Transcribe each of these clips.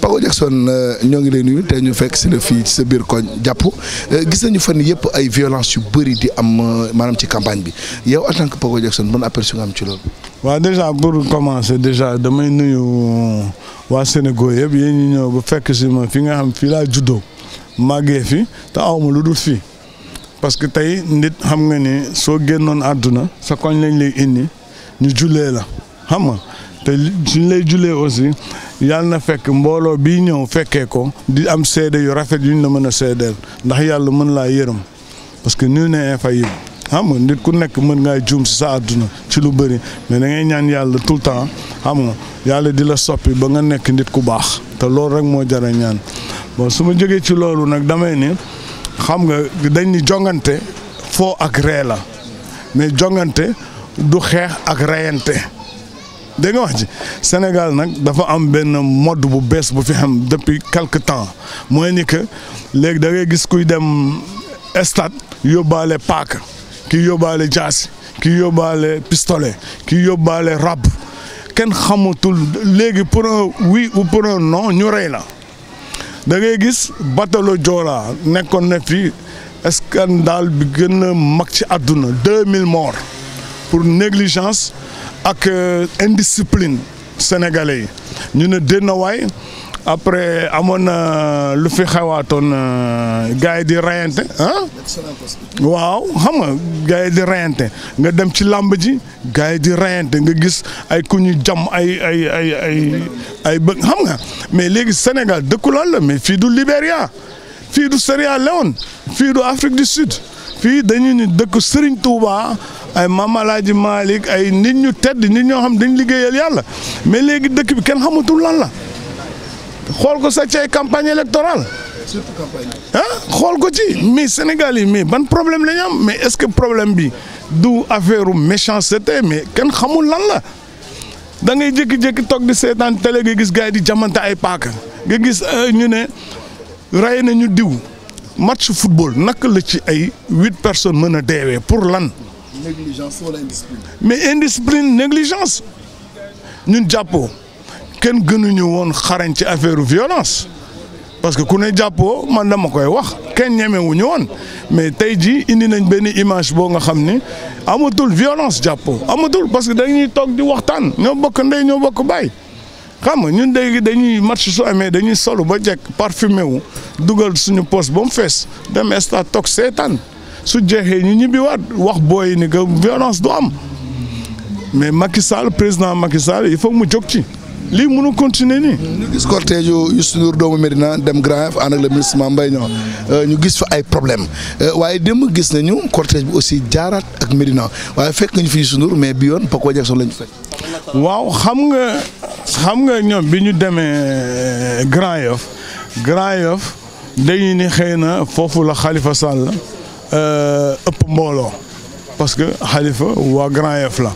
Pago Jackson euh, ñoo ngi lay nuyu te ñu fekk si la fii sa biir koñ jàpp euh, gis nañu fan yëpp ay violence yu bëri di am euh, maanaam ci campagne bi yow a tant que Pago Jackson ban aperçu nga am ci loolu. waaw déjà pour commencer déjà damay nuyu waa Sénégal yëpp yéen ñu ñëw ba fekk si ma fi nga xam fii laa juddoo màggee fi te aw ma lu dul fii parce que tey nit xam nga ni soo génnoon àdduna sa koñ lañ lay indi ñu jullee la xam nga te suñ lay jullee aussi. yàlla na fekk mbooloo bii ñëw fekkee ko di am seede yu rafet yu ñu la mën a seedeel ndax yàlla mën laa yërëm parce que nul n'est infaillible xam nga nit ku nekk mën ngaa juum si sa àdduna ci lu bëri mais da ngay ñaan yàlla tout le temps xam nga yàlla di la soppi ba nga nekk nit ku baax te loolu rek moo jar ñaan bon su ma jógee ci loolu nag damay ni xam nga dañ ni jongante foo ak ree la mais jongante du xeex ak reyante dégg wax ji Sénégal nag dafa am benn modd bu bees bu fi xam depuis quelque temps mooy ni que léegi da ngay gis kuy dem stade yóbbaale paaka kii yóbbaale jaasi ki yóbbaale pistolet ki yóbbaale ràbb kenn xamatul léegi pour un u ou pour non ñu rey la da ngay gis batalo Joola nekkoon na fi scandale bi gën a mag ci àdduna 2000 morts pour négligence. ak euh, indiscipline sénégalais yi ñu ne dénna waay après amoon na euh, lu fi xewaatoon euh, gars yi di rayante waaw xam nga gars di rayante nga dem ci làmb ji gars yi di rayante nga gis ay ku ñu jam ay ay ay ay ay bëgg xam nga mais léegi Sénégal dëkku lool mais fii du Libéria fii du Sierra Leone fii du Afrique du Sud fii dañu ñu dëkk Serigne Touba ay Mame Alaaji Malick ay nit ñu tedd nit ñoo xam dañ liggéeyal yàlla mais léegi dëkk bi kenn xamatul lan la xool ko sa ci ay campagne électorale surtout xool ko ci mais Sénégal yi mais ban problème la ñu am mais est-ce que problème bi du affaire méchanceté mais kenn xamul lan la da ngay jékki-jékki toog di seetaan télé nga gis gars yi di jamante ay paaka nga gis euh, ñu ne na ñu diw. match football nak la ci ay huit personnes mën a deewee pour lan. négligence wala indiscipline. mais indiscipline négligence ñun jàppoo kenn gënuñu woon xarañ ci affaire violence parce que ku ne jàppoo man dama koy wax kenn ñemewuñu woon mais tey jii indi nañ benn image boo nga xam ni amatul violence jàppoo amatul parce que dañuy toog di waxtaan ñoo bokk ndey ñoo bokk baay. xam nga ñun léegi dañuy match su amee dañuy solu ba jekk parfumé wu dugal suñu poste ba mu fees dem stade toog seetaan su jeexee ñu ñibbiwaat wax booy ni que violence du am mais Macky Sall président Macky Sall il faut mu jóg ci. lii mënu continuer nii. ñu gis cortège yu Youssou doomu Medina dem Grand Yoff ànd ak le ministre Mame Mbaye euh, ñu gis fa ay problème euh, waaye dem gis nañu cortège bi aussi jaaraat ak Medina waaye fekk nga ñu fi Youssou Ndour mais bi yoon Paco Jackson lañ fekk. waaw xam nga xam nga ñoom bi ñu demee euh, Grand Yoff Grand Yoff dañu ni xëy na foofu la Khalifa Sall ëpp mbooloo parce que Khalifa waa Grand Yoff la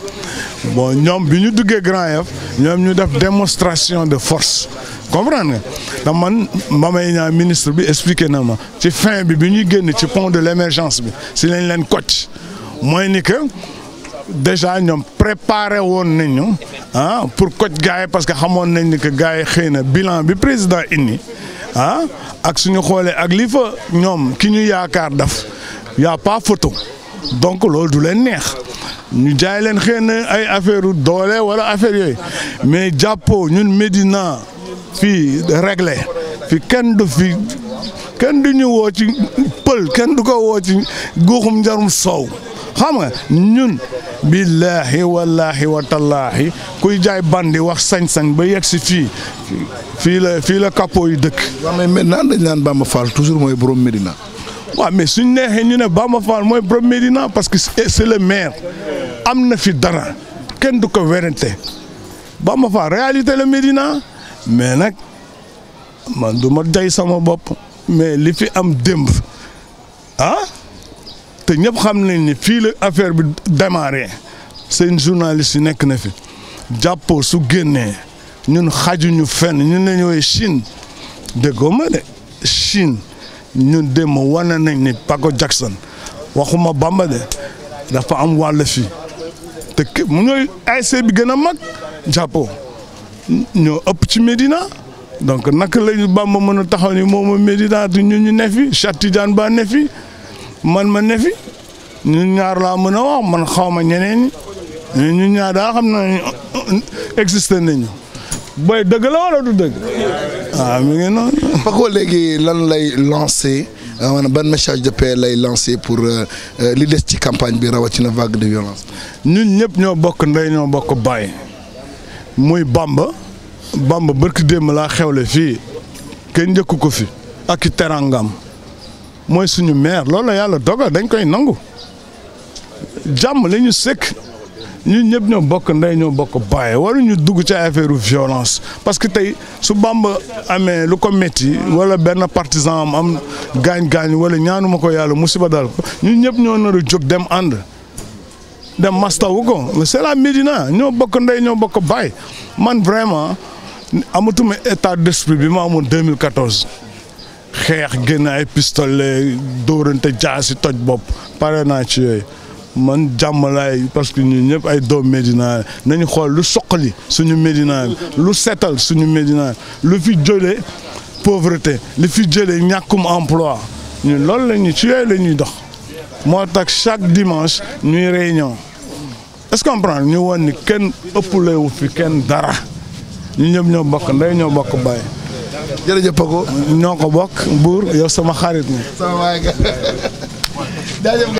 ñu duggee Grand ñoom ñu def démonstration de force comprendre nga da man Mbaye ñaa ministre bi expliqué na ma ci fin bi bi ñuy génn ci pont de l'émergence bi si lañ leen kocc mooy ni que déjà ñoom préparé woon nañu ah pour kocc gars yi parce que xamoon nañ ni que gars yi xëy na bilan bi président indi ah ak suñu xoolee ak li fa ñoom ki ñu yaakaar daf yaa pa pas photo donc loolu du leen neex ñu jaay leen xëy na ay affaire doole wala affaire yooyu mais jàppoo ñun Médina fii réglé fi kenn du fi kenn du ñu woo ci pël kenn du ko woo ci guuxum njarum soow xam nga ñun billaahi wallaahi wa tallaahi kuy jaay bandi wax sañ-sañ ba yeg si fii fii la fii la capot yi dëkk. waaw mais naan dañ naan ma Fall toujours mooy borom Médina. waaw mais suñ neexee ñu ne Bamba faal mooy borom Médina parce que c'est le maire. am na fi dara kenn du ko werante Bamba Fall réalité la Médina mais nag man du ma day sama bopp mais li fi am démb ah te ñëpp xam nañ ni fii la affaire bi démarré seen journaliste yi nekk na fi jàppoo su génnee ñun xajuñu fenn ñun la ñooy Chine déggoo ma de Chine ñun démb wane nañ ni Paco Jackson waxuma Bamba de dafa am wàll fii. te mu ñooy ASC bi gën a mag jàppo ñoo ëpp ci Médina donc naka lañu Bamba mën a taxaw ni moom Médina du ñu ñu ne fi Cheikh Ba ne man ma nefi fi ñaar laa mën a wax man xaw ma ñeneen ñu ñaar daa xam na existé nañu booy dëgg la wala du dëgg. waaw ah, mi ngi noonu. léegi lan lay lancé euh, maanaam ban message de paix lay lancé pour euh, euh, li des ci campagne bi ci na vague de violence. ñun ñëpp ñoo bokk ndey ñoo bokk baay muy bamb bamb barki démb laa xewle fii kenn njëkku ko fi ak i terangam mooy suñu maire loolu la yàlla dogal dañ koy nangu jàmm la ñu ñu ñëpp ñoo bokk ndey ñoo bokk baay ñu dugg ci affaire violence parce que tey su Bamba amee lu ko métti wala benn partisan am am gaañ-gaañ wala ñaanuma ko yàlla musiba daal ko ñun ñëpp ñoo nar a dem ànd dem mastawu ko c'est la Médina ñoo bokk ndey ñoo bokk baay man vraiment amatuma état d'esprit bi ma amoon 2014 xeex génn ay pistolet dóorante jaasi toj bopp pare naa ci yooyu man jàmm laay parce que ñu ñëpp ay doom Médina nañu xool lu soqali suñu Médina lu setal suñu Médina lu fi jëlee pauvreté lu fi jëlee ñàkkum emploi ñu loolu la ñuy ci yooyu la ñuy dox moo tax chaque dimanche ñuy réunion est-ce que comprendre ñu woon ni kenn ëppalewu fi kenn dara ñu ñëpp ñoo bokk ndey ñoo bokk baay. jërëjëf Paco ñoo ko bokk Mbour yow sama xarit ni